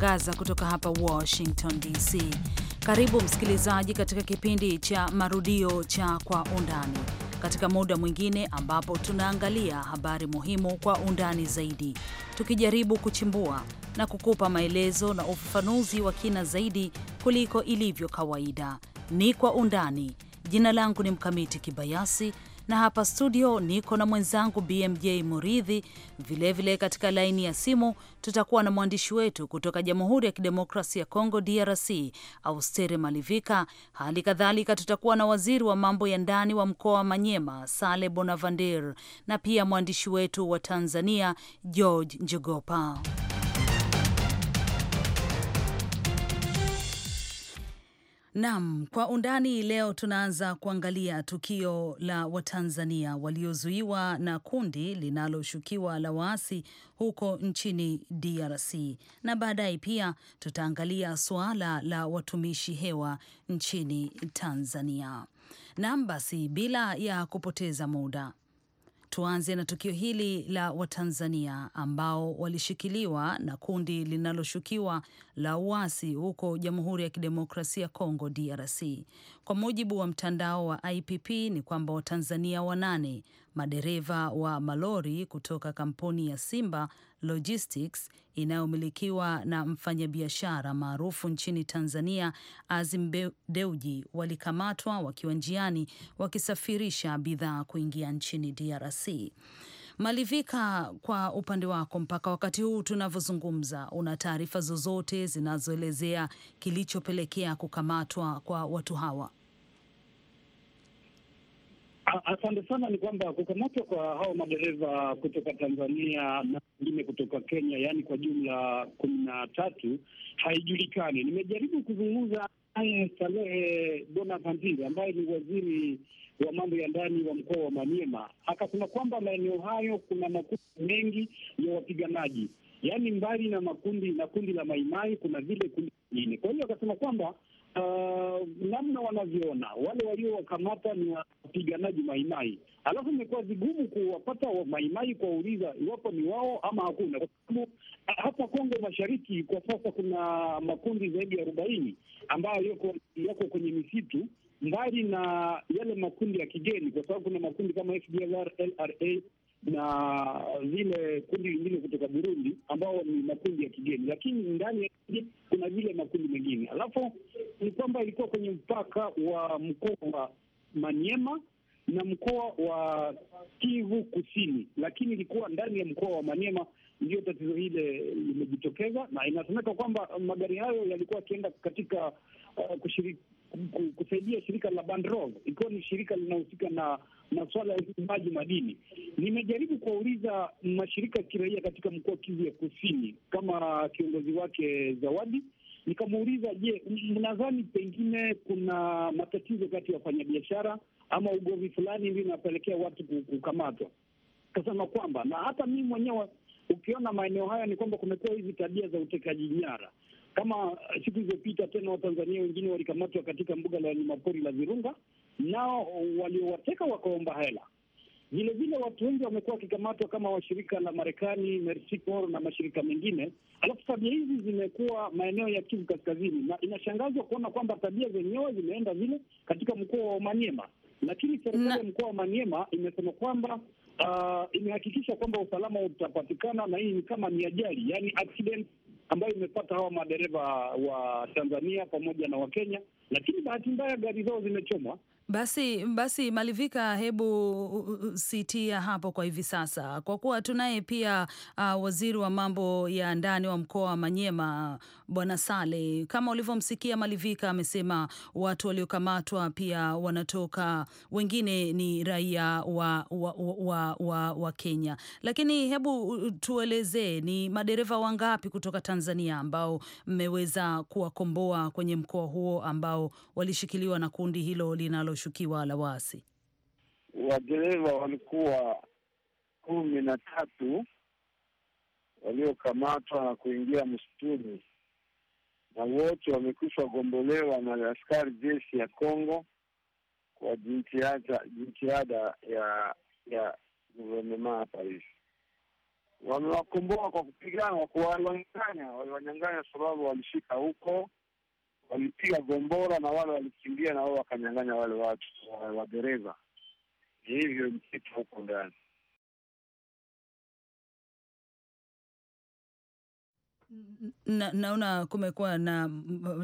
tunatangaza kutoka hapa Washington DC. Karibu msikilizaji katika kipindi cha marudio cha Kwa Undani katika muda mwingine ambapo tunaangalia habari muhimu kwa undani zaidi, tukijaribu kuchimbua na kukupa maelezo na ufafanuzi wa kina zaidi kuliko ilivyo kawaida. Ni Kwa Undani. Jina langu ni Mkamiti Kibayasi na hapa studio niko na mwenzangu BMJ Muridhi. Vilevile katika laini ya simu tutakuwa na mwandishi wetu kutoka Jamhuri ya Kidemokrasi ya Kongo, DRC, Austere Malivika. Hali kadhalika tutakuwa na waziri wa mambo ya ndani wa mkoa wa Manyema, Sale Bonavander, na pia mwandishi wetu wa Tanzania, George Njogopa. Naam, kwa undani leo tunaanza kuangalia tukio la Watanzania waliozuiwa na kundi linaloshukiwa la waasi huko nchini DRC na baadaye pia tutaangalia suala la watumishi hewa nchini Tanzania. Naam, basi bila ya kupoteza muda tuanze na tukio hili la Watanzania ambao walishikiliwa na kundi linaloshukiwa la uasi huko Jamhuri ya Kidemokrasia congo Kongo DRC. Kwa mujibu wa mtandao wa IPP ni kwamba Watanzania wanane madereva wa malori kutoka kampuni ya Simba Logistics inayomilikiwa na mfanyabiashara maarufu nchini Tanzania Azim Deuji walikamatwa wakiwa njiani wakisafirisha bidhaa kuingia nchini DRC. Malivika, kwa upande wako, mpaka wakati huu tunavyozungumza, una taarifa zozote zinazoelezea kilichopelekea kukamatwa kwa watu hawa? Asante sana. Ni kwamba kukamatwa kwa hawa madereva kutoka Tanzania na wengine kutoka Kenya, yaani kwa jumla kumi na tatu, haijulikani. Nimejaribu kuzungumza naye Salehe Bonavantile ambaye ni waziri wa mambo ya ndani wa mkoa wa Maniema, akasema kwamba maeneo hayo kuna makundi mengi ya wapiganaji, yaani mbali na makundi na kundi la Maimai kuna vile kundi lingine. Kwa hiyo akasema kwamba uh, namna wanavyoona wale waliowakamata ni wapiganaji maimai, alafu imekuwa vigumu kuwapata maimai kuwauliza iwapo ni wao ama hakuna, kwa sababu ah, hapa Kongo Mashariki kwa sasa kuna makundi zaidi ya arobaini ambayo yako kwenye misitu mbali na yale makundi ya kigeni, kwa sababu kuna makundi kama FDLR, LRA na vile kundi lingine kutoka Burundi ambao ni makundi ya kigeni, lakini ndani ya kuna vile makundi mengine. Alafu ni kwamba ilikuwa kwenye mpaka wa mkoa wa Maniema na mkoa wa Kivu Kusini, lakini ilikuwa ndani ya mkoa wa Maniema ndiyo tatizo hile limejitokeza, na inasemeka kwamba magari hayo yalikuwa yakienda katika uh, kushiriki kusaidia shirika la Bandrol, ikiwa ni shirika linahusika na masuala ya uchimbaji madini. Nimejaribu kuwauliza mashirika ya kiraia katika mkoa Kivu ya Kusini kama kiongozi wake Zawadi, nikamuuliza je, mnadhani pengine kuna matatizo kati ya wafanyabiashara ama ugovi fulani hivi inapelekea watu kukamatwa? Kasema kwamba na hata mimi mwenyewe ukiona maeneo haya ni kwamba kumekuwa hizi tabia za utekaji nyara kama siku zilizopita tena, Watanzania wengine walikamatwa katika mbuga la wanyamapori la Virunga, nao waliowateka wakaomba hela. Vilevile watu wengi wamekuwa wakikamatwa kama washirika la Marekani, Corps na mashirika mengine. Alafu tabia hizi zimekuwa maeneo ya Kivu Kaskazini, na inashangazwa kuona kwamba tabia zenyewe zimeenda vile katika mkoa wa Maniema, lakini serikali ya mkoa wa Maniema imesema kwamba uh, imehakikisha kwamba usalama utapatikana, na hii ni kama ni ajali, yani accident ambayo imepata hawa madereva wa Tanzania pamoja na Wakenya, lakini bahati mbaya gari zao zimechomwa basi basi Malivika, hebu sitia hapo kwa hivi sasa, kwa kuwa tunaye pia uh, waziri wa mambo ya ndani wa mkoa wa Manyema Bwana Sale. Kama ulivyomsikia Malivika amesema watu waliokamatwa pia wanatoka wengine ni raia wa, wa, wa, wa, wa Kenya, lakini hebu tuelezee ni madereva wangapi kutoka Tanzania ambao mmeweza kuwakomboa kwenye mkoa huo ambao walishikiliwa na kundi hilo linalo linaloshukiwa la waasi. Wadereva walikuwa kumi na tatu waliokamatwa na kuingia msituni, na wote wamekwisha gombolewa na askari jeshi ya Kongo kwa jitihada ya ya guvernema ya Paris. Wamewakomboa kwa kupigana, kwa kuwanyang'anya, waliwanyang'anya sababu walishika huko walipiga gombora na wale walikimbia, na wao wakanyang'anya wale watu wadereva. Ni hivyo msitu huko ndani. Na, naona kumekuwa na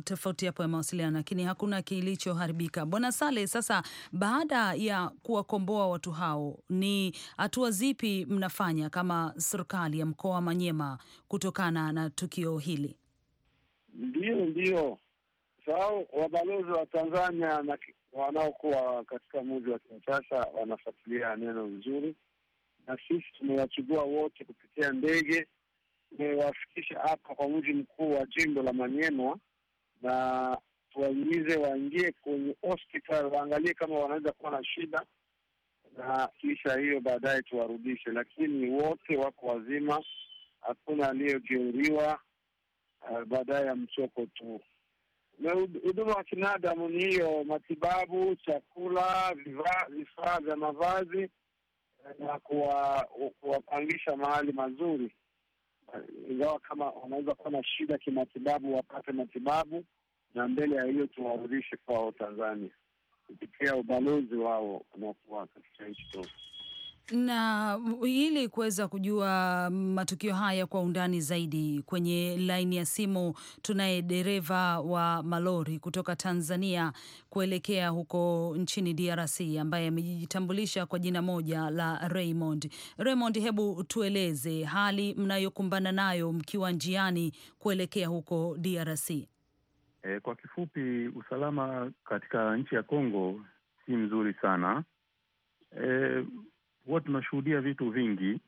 tofauti hapo ya mawasiliano lakini hakuna kilichoharibika. Bwana Sale, sasa baada ya kuwakomboa watu hao, ni hatua zipi mnafanya kama serikali ya mkoa wa Manyema kutokana na tukio hili? Ndiyo, ndiyo, Usisahau wabalozi wa Tanzania na wanaokuwa katika mji wa Kinshasa wanafuatilia neno vizuri, na sisi tumewachukua wote kupitia ndege, tumewafikisha hapa kwa mji mkuu wa jimbo la Manyema, na tuwaingize waingie kwenye hospital, waangalie kama wanaweza kuwa na shida, na kisha hiyo baadaye tuwarudishe, lakini wote wako wazima, hakuna aliyejeruhiwa. Uh, baadaye ya mchoko tu huduma wa kibinadamu ni hiyo: matibabu, chakula, vifaa vya mavazi eh, na kuwapangisha mahali mazuri, ingawa kama wanaweza kuwa na shida kimatibabu wapate matibabu, na mbele ya hiyo tuwarudishe kwao Tanzania kupitia ubalozi wao unaokuwa katika nchi tofu. Na ili kuweza kujua matukio haya kwa undani zaidi, kwenye laini ya simu tunaye dereva wa malori kutoka Tanzania kuelekea huko nchini DRC ambaye amejitambulisha kwa jina moja la Raymond. Raymond, hebu tueleze hali mnayokumbana nayo mkiwa njiani kuelekea huko DRC. E, kwa kifupi usalama katika nchi ya Kongo si mzuri sana. E, huwa tunashuhudia vitu vingi,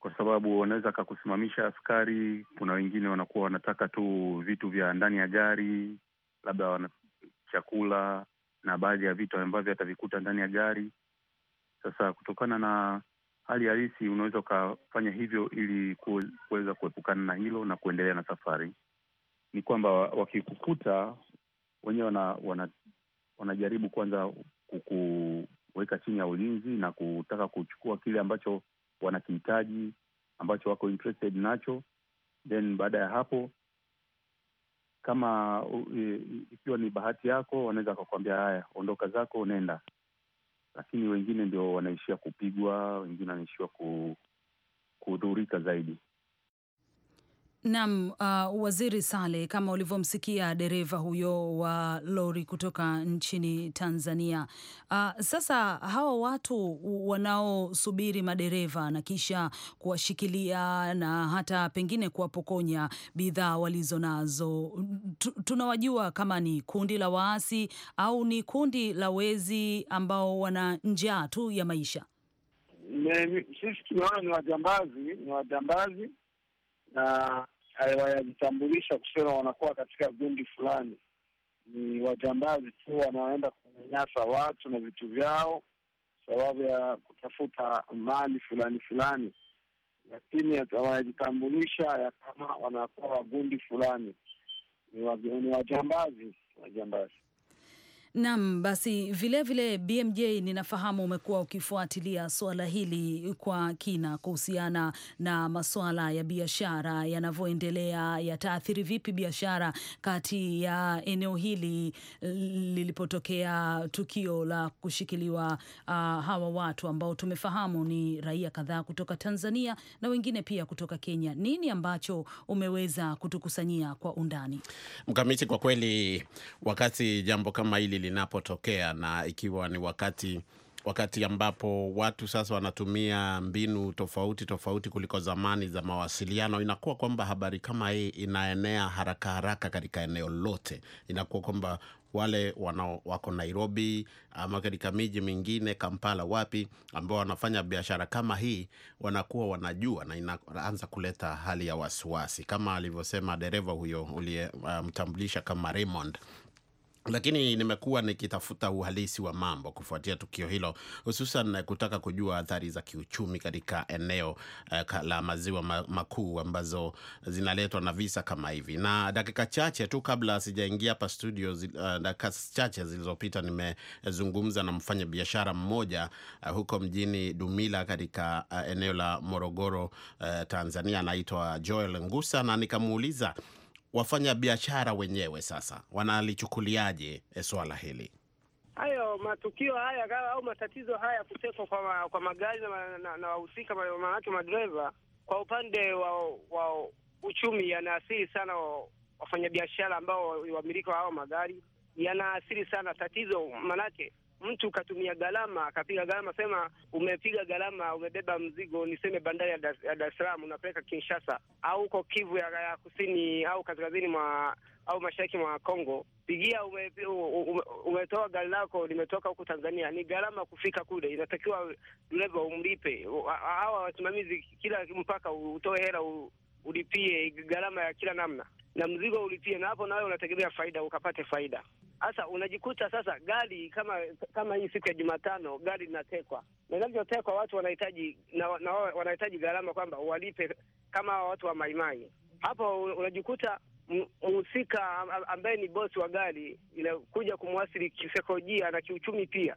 kwa sababu wanaweza akakusimamisha askari. Kuna wengine wanakuwa wanataka tu vitu vya ndani ya gari, labda wana chakula na baadhi ya vitu ambavyo atavikuta ndani ya gari. Sasa kutokana na hali halisi, unaweza ukafanya hivyo ili kuweza kuepukana na hilo na kuendelea na safari. Ni kwamba wakikukuta wenyewe wana, wana, wanajaribu kwanza kuku, kuweka chini ya ulinzi na kutaka kuchukua kile ambacho wanakihitaji ambacho wako interested nacho. Then baada ya hapo, kama ikiwa ni bahati yako, wanaweza wakakuambia haya, ondoka zako, nenda. Lakini wengine ndio wanaishia kupigwa, wengine wanaishia kudhurika zaidi nam uh, Waziri Sale, kama ulivyomsikia dereva huyo wa lori kutoka nchini Tanzania. Uh, sasa hawa watu wanaosubiri madereva na kisha kuwashikilia na hata pengine kuwapokonya bidhaa walizo nazo, tunawajua kama ni kundi la waasi au ni kundi la wezi ambao wana njaa tu ya maisha. Sisi tunaona ni wajambazi, ni wajambazi na eh, wanajitambulisha kusema wanakuwa katika gundi fulani, ni wajambazi tu wanaoenda kunyanyasa watu na vitu vyao sababu ya kutafuta mali fulani fulani, lakini wanajitambulisha ya kama wanakuwa wagundi fulani, ni wajambazi. Wajambazi Naam, basi vilevile vile BMJ, ninafahamu umekuwa ukifuatilia suala hili kwa kina kuhusiana na masuala ya biashara yanavyoendelea, yataathiri vipi biashara kati ya eneo hili lilipotokea tukio la kushikiliwa uh, hawa watu ambao tumefahamu ni raia kadhaa kutoka Tanzania na wengine pia kutoka Kenya. Nini ambacho umeweza kutukusanyia kwa undani, Mkamiti? Kwa kweli wakati jambo kama hili linapotokea na ikiwa ni wakati wakati ambapo watu sasa wanatumia mbinu tofauti tofauti kuliko zamani za mawasiliano, inakuwa kwamba habari kama hii inaenea haraka haraka katika eneo lote. Inakuwa kwamba wale wanao wako Nairobi ama katika miji mingine Kampala, wapi ambao wanafanya biashara kama hii, wanakuwa wanajua na inaanza kuleta hali ya wasiwasi, kama alivyosema dereva huyo uliyemtambulisha uh, kama Raymond lakini nimekuwa nikitafuta uhalisi wa mambo kufuatia tukio hilo, hususan kutaka kujua athari za kiuchumi katika eneo eh, la maziwa makuu ambazo zinaletwa na visa kama hivi. Na dakika chache tu kabla sijaingia hapa studio, uh, dakika chache zilizopita nimezungumza na mfanya biashara mmoja uh, huko mjini Dumila katika uh, eneo la Morogoro, uh, Tanzania, anaitwa Joel Ngusa na nikamuuliza wafanya biashara wenyewe sasa wanalichukuliaje eh, swala hili? Hayo matukio haya au matatizo haya kutekwa kwa, kwa magari na wahusika maanake madereva, kwa upande wa, wa uchumi yanaathiri sana wafanyabiashara ambao wamiliki wa hao magari, yanaathiri sana tatizo, maanake mtu katumia gharama akapiga gharama, sema umepiga gharama, umebeba mzigo, niseme bandari ya Dar es Salaam unapeleka Kinshasa au uko Kivu ya, ya kusini au kaskazini mwa au mashariki mwa Kongo, pigia ume, ume, umetoa gari lako limetoka huku Tanzania, ni gharama kufika kule, inatakiwa dereva umlipe. Hawa wasimamizi kila mpaka utoe hela ulipie gharama ya kila namna na mzigo ulipie, na hapo nawe unategemea faida, ukapate faida. Sasa unajikuta sasa gari kama kama hii siku ya Jumatano gari linatekwa, na inavyotekwa watu wanahitaji na, na wanahitaji gharama kwamba walipe kama watu wa maimai. Hapo unajikuta mhusika ambaye ni bosi wa gari inakuja kumwasili kisaikolojia na kiuchumi pia.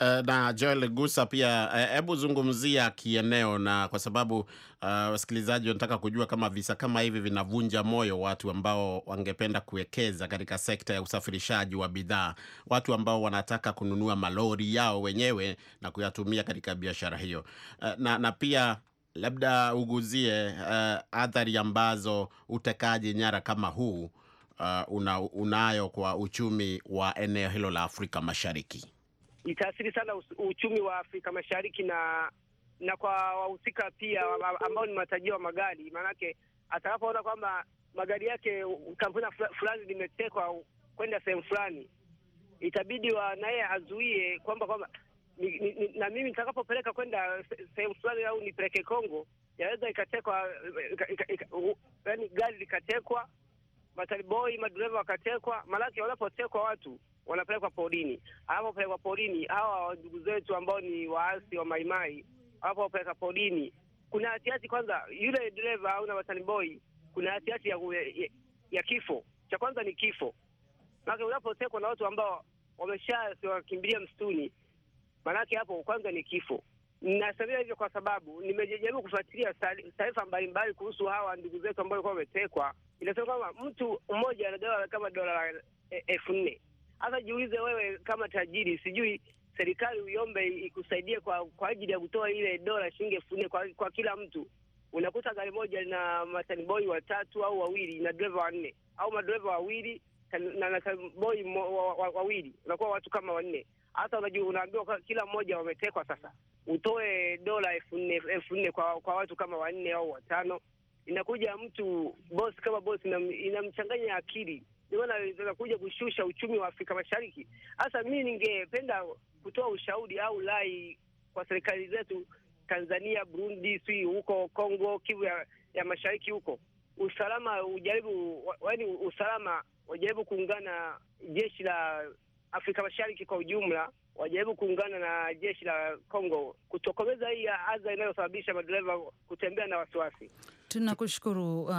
Eh, na Joel Gusa pia, eh, hebu zungumzia kieneo, na kwa sababu uh, wasikilizaji wanataka kujua kama visa kama hivi vinavunja moyo watu ambao wangependa kuwekeza katika sekta ya usafirishaji wa bidhaa, watu ambao wanataka kununua malori yao wenyewe na kuyatumia katika biashara hiyo, uh, na, na pia labda uguzie uh, athari ambazo utekaji nyara kama huu uh, una, unayo kwa uchumi wa eneo hilo la Afrika Mashariki itaathiri sana uchumi wa Afrika Mashariki na na kwa wahusika pia ambao ni matajia wa magari, maanake atakapoona kwamba magari yake kampuni fulani limetekwa kwenda sehemu fulani, itabidi wa naye azuie kwamba kwamba ni, ni, na mimi nitakapopeleka kwenda sehemu fulani au nipeleke Kongo, yaweza ikatekwa, yaani gari likatekwa, mataliboi madereva wakatekwa, maanake wanapotekwa watu wanapelekwa porini. Anapopelekwa porini, hawa ndugu zetu ambao ni waasi wa Maimai wanapopeleka porini, kuna hatihati kwanza, yule dereva au na watani boy, kuna hatihati ya, ya, ya kifo. Cha kwanza ni kifo, maana unapotekwa na watu ambao wakimbilia msituni, maanake hapo kwanza ni kifo. Nasemea hivyo kwa sababu nimejaribu kufuatilia taarifa mbalimbali kuhusu hawa ndugu zetu ambao walikuwa wametekwa. Inasema kwamba mtu mmoja anagawa kama dola eh, elfu nne hata jiulize wewe kama tajiri, sijui serikali uiombe ikusaidie kwa kwa ajili ya kutoa ile dola shilingi elfu nne kwa, kwa kila mtu. Unakuta gari moja na mataniboi watatu au wawili na dreva wanne au madreva wawili na mataniboi wawili, unakuwa watu kama wanne. Hata unajua, unaambiwa kila mmoja wametekwa, sasa utoe dola elfu nne kwa, kwa watu kama wanne au watano. Inakuja mtu bosi kama bosi, inamchanganya akili ndio maana alitaka kuja kushusha uchumi wa Afrika Mashariki. Hasa mimi ningependa kutoa ushauri au lai kwa serikali zetu Tanzania, Burundi, si huko Kongo, Kivu ya, ya mashariki huko, usalama ujaribu, yaani usalama wajaribu kuungana jeshi la Afrika Mashariki kwa ujumla wajaribu kuungana na jeshi la Kongo kutokomeza hii adha inayosababisha madereva kutembea na wasiwasi. Tunakushukuru uh,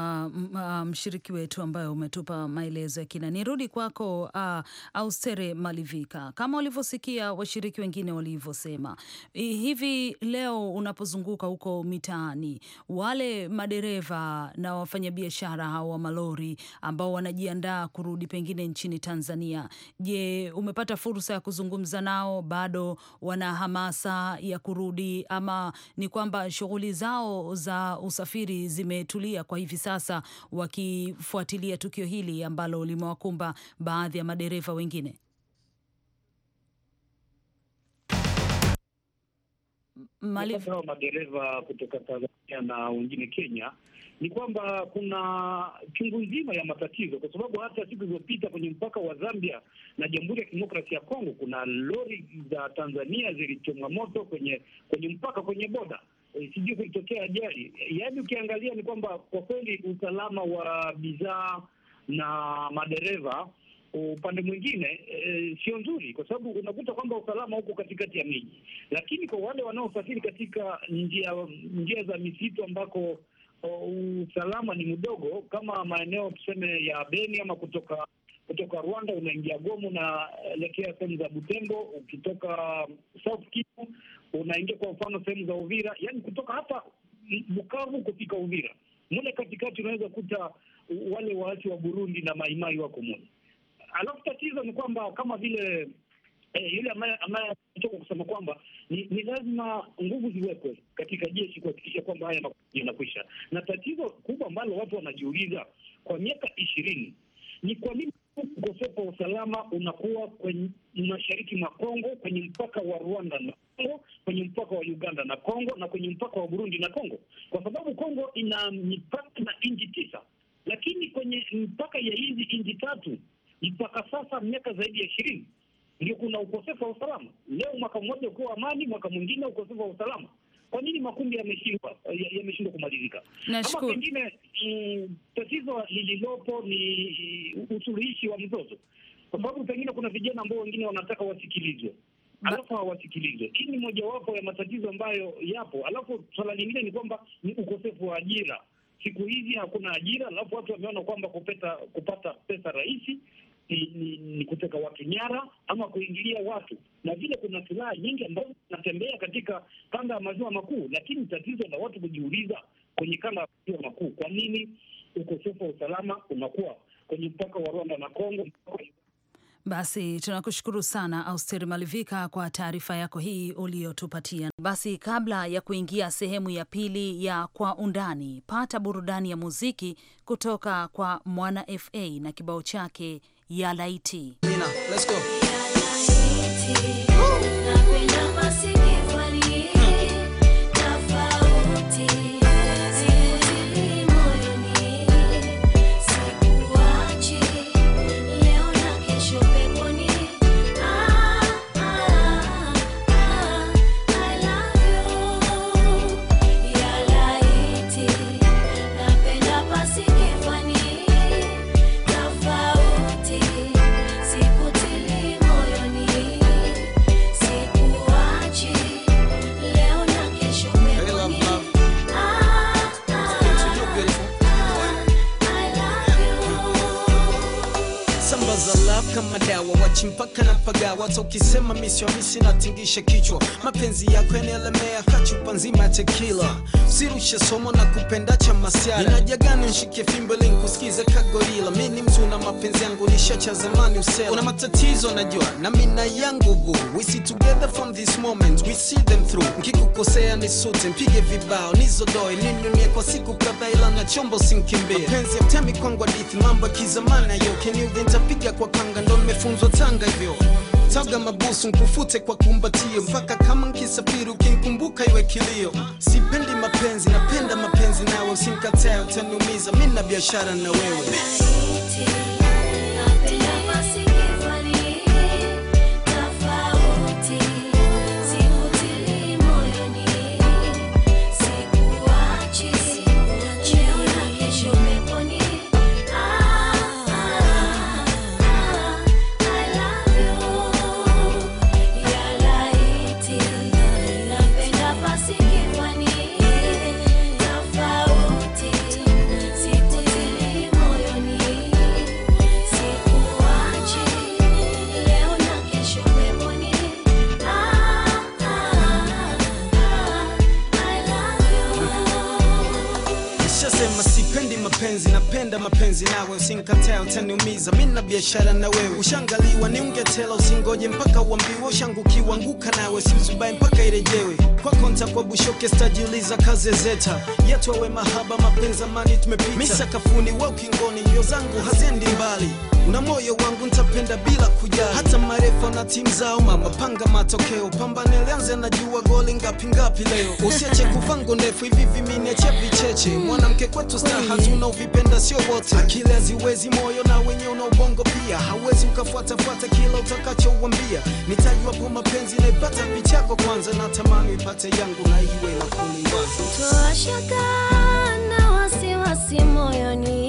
uh, mshiriki wetu ambaye umetupa maelezo ya kina. Nirudi kwako uh, Austere Malivika, kama ulivyosikia washiriki wengine walivyosema, hivi leo unapozunguka huko mitaani, wale madereva na wafanyabiashara hao wa malori ambao wanajiandaa kurudi pengine nchini Tanzania, je, umepata fursa ya kuzungumza nao? Bado wana hamasa ya kurudi ama ni kwamba shughuli zao za usafiri zimetulia kwa hivi sasa, wakifuatilia tukio hili ambalo limewakumba baadhi ya madereva wengine? Malifu. madereva kutoka Tanzania na wengine Kenya ni kwamba kuna chungu nzima ya matatizo, kwa sababu hata siku zilizopita kwenye mpaka wa Zambia na Jamhuri ya Kidemokrasia ya Kongo kuna lori za Tanzania zilichomwa moto kwenye kwenye mpaka, kwenye boda Eh, sijui kuitokea ajali. Yaani ukiangalia ni kwamba kwa kweli usalama wa bidhaa na madereva upande mwingine e, sio nzuri, kwa sababu unakuta kwamba usalama huko katikati ya miji, lakini kwa wale wanaosafiri katika njia njia za misitu ambako oh, usalama ni mdogo, kama maeneo tuseme ya Beni ama kutoka kutoka Rwanda unaingia Goma, unaelekea eh, sehemu za Butembo, ukitoka South Kivu unaingia kwa mfano sehemu za Uvira, yani kutoka hapa Bukavu kufika Uvira mule katikati unaweza kuta wale waasi wa Burundi na maimai wako mule. Alafu tatizo ni kwamba kama vile eh, yule ambaye kusema kwamba ni, ni lazima nguvu ziwekwe katika jeshi kuhakikisha kwamba haya yanakwisha, na tatizo kubwa ambalo watu wanajiuliza kwa miaka ishirini ni kwa nini ukosefu wa usalama unakuwa kwenye mashariki mwa Kongo kwenye mpaka wa Rwanda na kwenye mpaka wa Uganda na Kongo na kwenye mpaka wa Burundi na Kongo, kwa sababu Kongo ina mipaka na nchi tisa, lakini kwenye mpaka ya hizi nchi tatu mpaka sasa miaka zaidi ya ishirini ndio kuna ukosefu wa usalama. Leo mwaka mmoja ukiwa amani, mwaka mwingine ukosefu wa usalama. Kwa nini makundi yameshindwa yameshindwa kumalizika? Ama pengine mm, tatizo lililopo ni mm, usuluhishi wa mzozo, kwa sababu pengine kuna vijana ambao wengine wanataka wasikilizwe alafu hawasikilize. Hii ni mojawapo ya matatizo ambayo yapo. Alafu swala lingine ni kwamba ni ukosefu wa ajira. Siku hizi hakuna ajira, alafu watu wameona kwamba kupeta, kupata pesa rahisi ni, ni, ni kuteka watu nyara ama kuingilia watu, na vile kuna silaha nyingi ambazo zinatembea katika kanda ya maziwa makuu. Lakini tatizo la watu kujiuliza kwenye kanda ya maziwa makuu, kwa nini ukosefu wa usalama unakuwa kwenye mpaka wa Rwanda na Kongo, mpaka basi tunakushukuru sana Austeri Malivika kwa taarifa yako hii uliyotupatia. Basi kabla ya kuingia sehemu ya pili ya Kwa Undani, pata burudani ya muziki kutoka kwa Mwana FA na kibao chake ya laiti Nina, let's go. nchi mpaka napagawa. Hata ukisema misi wa misi natingisha kichwa, mapenzi yako yanielemea kachupa nzima ya tekila. Usirushe somo na kupenda cha masiara, inajagani nshike fimbo ili kagorila. Mi ni mtu na mapenzi yangu cha zamani usela, una matatizo najua na mina yangu gu We see together from this moment, we see them through. Nkikukosea sute mpige vibao nizodoe ninunie kwa siku kadhaa, ila na chombo sinkimbie. Mapenzi ya temi kwangu hadithi, mambo ya kizamani ayo, ntapiga kwa kanga, ndo nimefunzwa kupanga hivyo taga mabusu nkufute kwa kumbatio mpaka kama nkisafiri ukinkumbuka iwe kilio sipendi mapenzi napenda mapenzi nawe usinkatae utaniumiza mi na biashara na wewe Baby. mapenzi napenda mapenzi nawe, usinkatae utaniumiza, mimi na biashara na wewe, ushangaliwa ni ungetela, usingoje mpaka uambiwe, ushangukiwa anguka nawe, siuzubaye mpaka irejewe konta kwa bushoke, stajiuliza kaze zeta yetu, mahaba, mapenzi, amani tumepita, misakafuni wa wewe ukingoni, ndio zangu haziendi mbali na moyo wangu ntapenda bila kuja hata marefa na timu zao mama panga matokeo pambane lianze na jua goli ngapi ngapi leo usiache kuvangu ndefu hivi viminiache vicheche mwanamke kwetu staha uvipenda sio wote akili haziwezi moyo na wenye una ubongo pia hauwezi ukafuatafuata kila utakachouambia nitajwapo mapenzi naipata vichako kwanza na tamani ipate yangu na iwe na kuliwaza toashaka na wasiwasi moyoni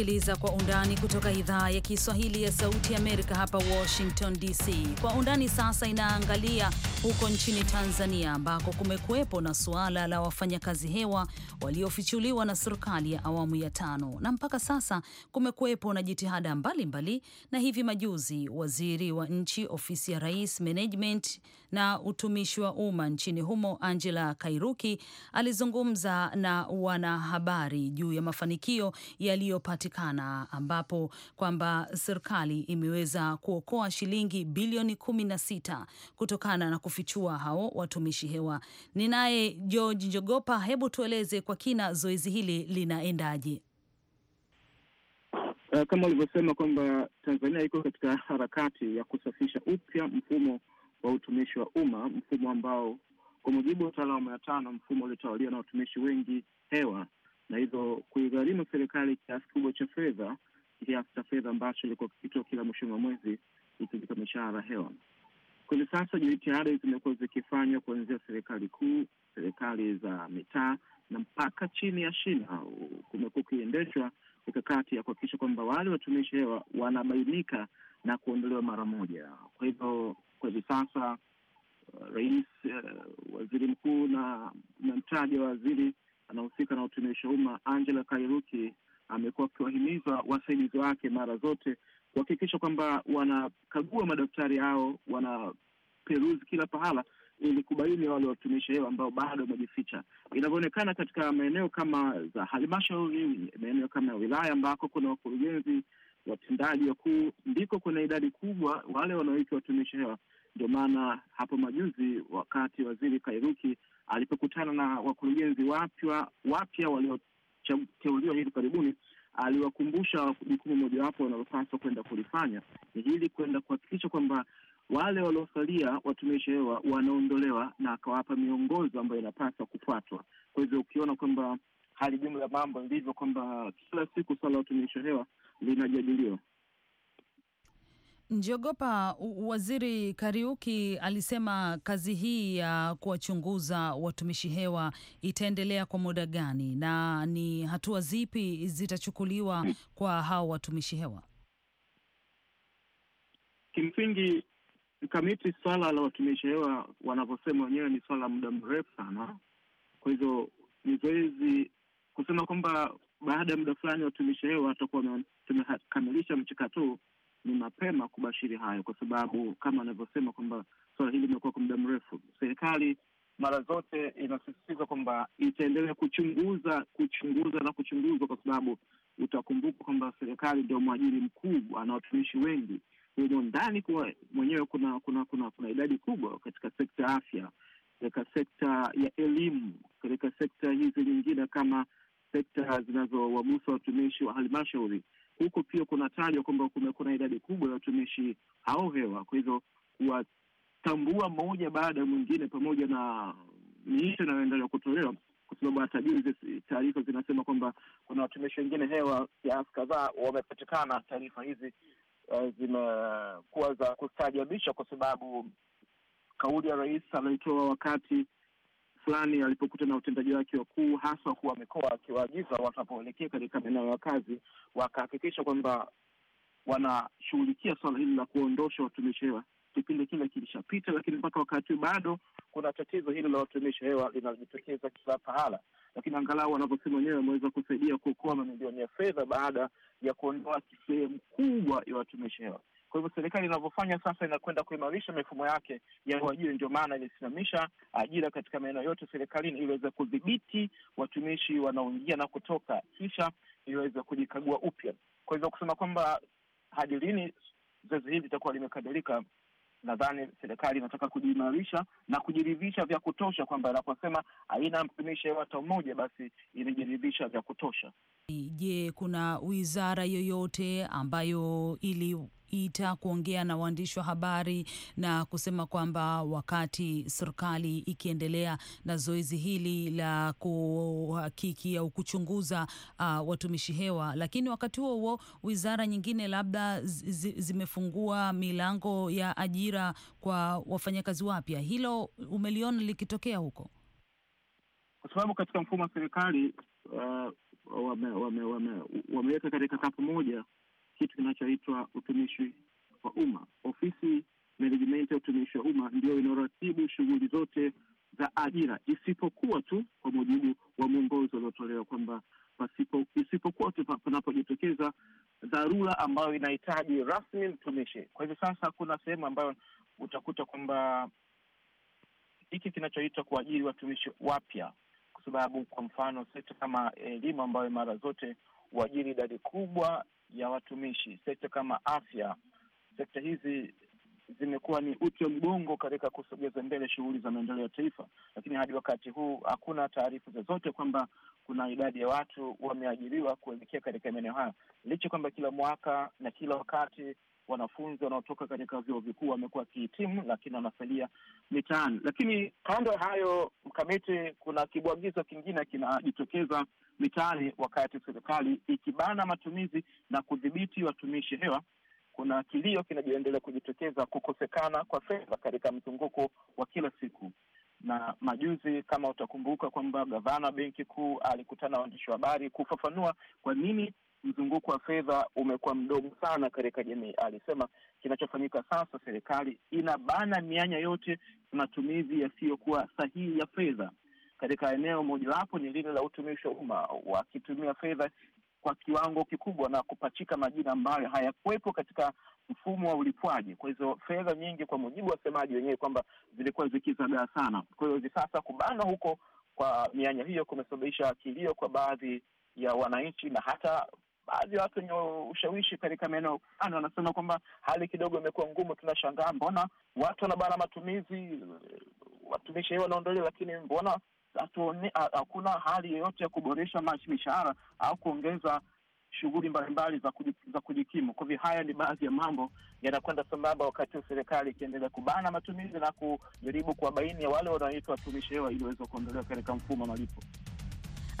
unasikiliza Kwa Undani kutoka idhaa ya Kiswahili ya Sauti Amerika hapa Washington DC. Kwa Undani sasa inaangalia huko nchini Tanzania ambako kumekuwepo na suala la wafanyakazi hewa waliofichuliwa na serikali ya awamu ya tano, na mpaka sasa kumekuwepo na jitihada mbalimbali mbali, na hivi majuzi waziri wa nchi ofisi ya rais management na utumishi wa umma nchini humo Angela Kairuki alizungumza na wanahabari juu ya mafanikio yaliyopatikana kupatikana ambapo kwamba serikali imeweza kuokoa shilingi bilioni kumi na sita kutokana na kufichua hao watumishi hewa. Ninaye George Njogopa, hebu tueleze kwa kina zoezi hili linaendaje? Uh, kama ulivyosema kwamba Tanzania iko katika harakati ya kusafisha upya mfumo wa utumishi wa umma, mfumo ambao kwa mujibu wa utawala wa awamu ya tano, mfumo uliotawaliwa na watumishi wengi hewa na hivyo kuigharimu serikali kiasi kikubwa cha fedha, kiasi cha fedha ambacho ilikuwa kikitoa kila mwishoni mwa mwezi ikizipa mishahara hewa. Kwa hivi sasa jitihada zimekuwa zikifanywa kuanzia serikali kuu, serikali za mitaa na mpaka chini ya shina, kumekuwa ukiendeshwa mikakati ya kuhakikisha kwamba wale watumishi hewa wanabainika na kuondolewa mara moja. Kwa hivyo kwa hivi sasa uh, rais, uh, waziri mkuu na, na mtaja wa waziri anahusika na utumishi wa umma Angela Kairuki amekuwa akiwahimiza wasaidizi wake mara zote kuhakikisha kwamba wanakagua madaktari yao, wanaperuzi kila pahala ili kubaini wale watumishi hewa ambao bado wamejificha. Inavyoonekana katika maeneo kama za halmashauri, maeneo kama ya wilaya ambako kuna wakurugenzi watendaji wakuu, ndiko kuna idadi kubwa wale wanaoitwa watumishi hewa ndio maana hapo majuzi wakati waziri Kairuki alipokutana na wakurugenzi wapya wapya walioteuliwa hivi karibuni, aliwakumbusha jukumu mojawapo wanalopaswa kwenda kulifanya ni hili, kwenda kuhakikisha kwamba wale waliosalia watumishi hewa wanaondolewa, na akawapa miongozo ambayo inapaswa kufuatwa. Kwa hivyo ukiona kwamba hali jumla ya mambo ndivyo kwamba kila siku suala la watumishi hewa linajadiliwa. Njogopa, Waziri Kariuki alisema kazi hii ya kuwachunguza watumishi hewa itaendelea kwa muda gani na ni hatua zipi zitachukuliwa kwa hao watumishi hewa? Kimsingi kamiti, swala la watumishi hewa wanavyosema wenyewe ni swala la muda mrefu sana. Kwa hivyo ni zoezi kusema kwamba baada ya muda fulani watumishi hewa watakuwa tumekamilisha mchakato ni mapema kubashiri hayo, kwa sababu kama anavyosema kwamba suala hili limekuwa kwa muda mrefu. Serikali mara zote inasisitiza kwamba itaendelea kuchunguza, kuchunguza na kuchunguzwa, kwa sababu utakumbuka kwamba serikali ndio mwajiri mkubwa ana watumishi wengi humo ndani kuwa mwenyewe kuna kuna kuna kuna idadi kubwa katika sekta ya afya, katika sekta ya elimu, katika sekta hizi nyingine kama sekta zinazowagusa watumishi wa halmashauri huku pia kuna tajwa kwamba kumekuwa na idadi kubwa ya watumishi hao hewa. Kwa hivyo kuwatambua mmoja baada ya mwingine, pamoja na miito inayoendelea kutolewa, kwa sababu hata juu taarifa zinasema kwamba kuna watumishi wengine hewa kiasi kadhaa wamepatikana. Taarifa hizi uh, zimekuwa za kustaajabisha kwa sababu kauli ya rais aliyoitoa wakati fulani alipokuta na utendaji wake wakuu, haswa kuwa amekuwa akiwaagiza watapoelekea katika maeneo ya kazi, wakahakikisha kwamba wanashughulikia swala hili la kuondosha watumishi hewa. Kipindi kile kilishapita, lakini mpaka wakati bado kuna tatizo hili la watumishi hewa linajitokeza kila pahala, lakini angalau wanavyosema wenyewe wameweza kusaidia kuokoa mamilioni ya fedha baada ya kuondoa sehemu kubwa ya watumishi hewa. Kwa hivyo serikali inavyofanya sasa, inakwenda kuimarisha mifumo yake ya uajiri. Ndio maana ilisimamisha ajira katika maeneo yote serikalini ili iweze kudhibiti watumishi wanaoingia na kutoka, kisha iweze kujikagua upya. Kwa hivyo kusema kwamba hadi lini zoezi hili litakuwa limekamilika, nadhani serikali inataka kujiimarisha na kujiridhisha vya kutosha kwamba inaposema haina mtumishi hata mmoja, basi imejiridhisha vya kutosha. Je, kuna wizara yoyote ambayo ili ita kuongea na waandishi wa habari na kusema kwamba wakati serikali ikiendelea na zoezi hili la kuhakiki au kuchunguza uh, watumishi hewa, lakini wakati huo huo wizara nyingine labda zimefungua milango ya ajira kwa wafanyakazi wapya. Hilo umeliona likitokea huko? Kwa sababu katika mfumo wa serikali uh, wameweka wame, wame, wame katika kapu moja kitu kinachoitwa utumishi wa umma. Ofisi menejimenti ya utumishi wa umma ndio inaoratibu shughuli zote za ajira, isipokuwa tu kwa mujibu wa mwongozo uliotolewa kwamba pasipo, isipokuwa tu panapojitokeza dharura ambayo inahitaji rasmi mtumishi. Kwa hivyo sasa, kuna sehemu ambayo utakuta kwamba hiki kinachoitwa kuajiri watumishi wapya, kwa sababu kwa mfano sekta kama elimu ambayo mara zote huajiri idadi kubwa ya watumishi, sekta kama afya. Sekta hizi zimekuwa ni uti wa mgongo katika kusogeza mbele shughuli za maendeleo ya taifa, lakini hadi wakati huu hakuna taarifa zozote kwamba kuna idadi ya watu wameajiriwa kuelekea katika maeneo haya, licha kwamba kila mwaka na kila wakati wanafunzi wanaotoka katika vyuo vikuu wamekuwa wakihitimu, lakini wanasalia mitaani. Lakini kando ya hayo, mkamiti, kuna kibwagizo kingine kinajitokeza mitaani, wakati serikali ikibana matumizi na kudhibiti watumishi hewa kuna kilio kinachoendelea kujitokeza, kukosekana kwa fedha katika mzunguko wa kila siku. Na majuzi, kama utakumbuka, kwamba gavana wa benki kuu alikutana waandishi wa habari kufafanua kwa nini mzunguko wa fedha umekuwa mdogo sana katika jamii. Alisema kinachofanyika sasa, serikali inabana mianya yote matumizi yasiyokuwa sahihi ya fedha katika eneo mojawapo ni lile la utumishi wa umma, wakitumia fedha kwa kiwango kikubwa na kupachika majina ambayo hayakuwepo katika mfumo wa ulipwaji. Kwa hizo fedha nyingi, kwa mujibu wa wasemaji wenyewe, kwamba zilikuwa zikizagaa sana. Kwa hiyo hivi sasa kubana huko kwa mianya hiyo kumesababisha kilio kwa baadhi ya wananchi na hata baadhi ya watu wenye ushawishi katika maeneo fulani wanasema kwamba hali kidogo imekuwa ngumu. Tunashangaa mbona watu wanabana matumizi, watumishi wanaondolewa, lakini mbona hatuone hakuna hali yoyote ya kuboresha mishahara au kuongeza shughuli mbalimbali za za kujikimu. Kwa hivyo haya ni baadhi ya mambo yanakwenda sambamba, wakati huu serikali ikiendelea kubana matumizi na kujaribu kuwabaini wale wanaoitwa watumishi hewa ili waweze kuondolewa katika mfumo wa malipo.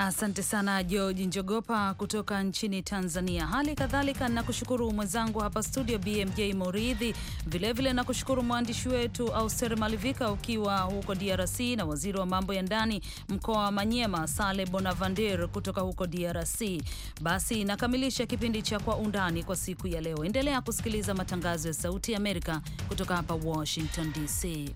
Asante sana George Njogopa kutoka nchini Tanzania. Hali kadhalika nakushukuru mwenzangu hapa studio BMJ Moridhi, vilevile nakushukuru mwandishi wetu Auster Malivika ukiwa huko DRC na waziri wa mambo ya ndani mkoa wa Manyema Sale Bonavander kutoka huko DRC. Basi nakamilisha kipindi cha Kwa Undani kwa siku ya leo. Endelea kusikiliza matangazo ya Sauti ya Amerika kutoka hapa Washington DC.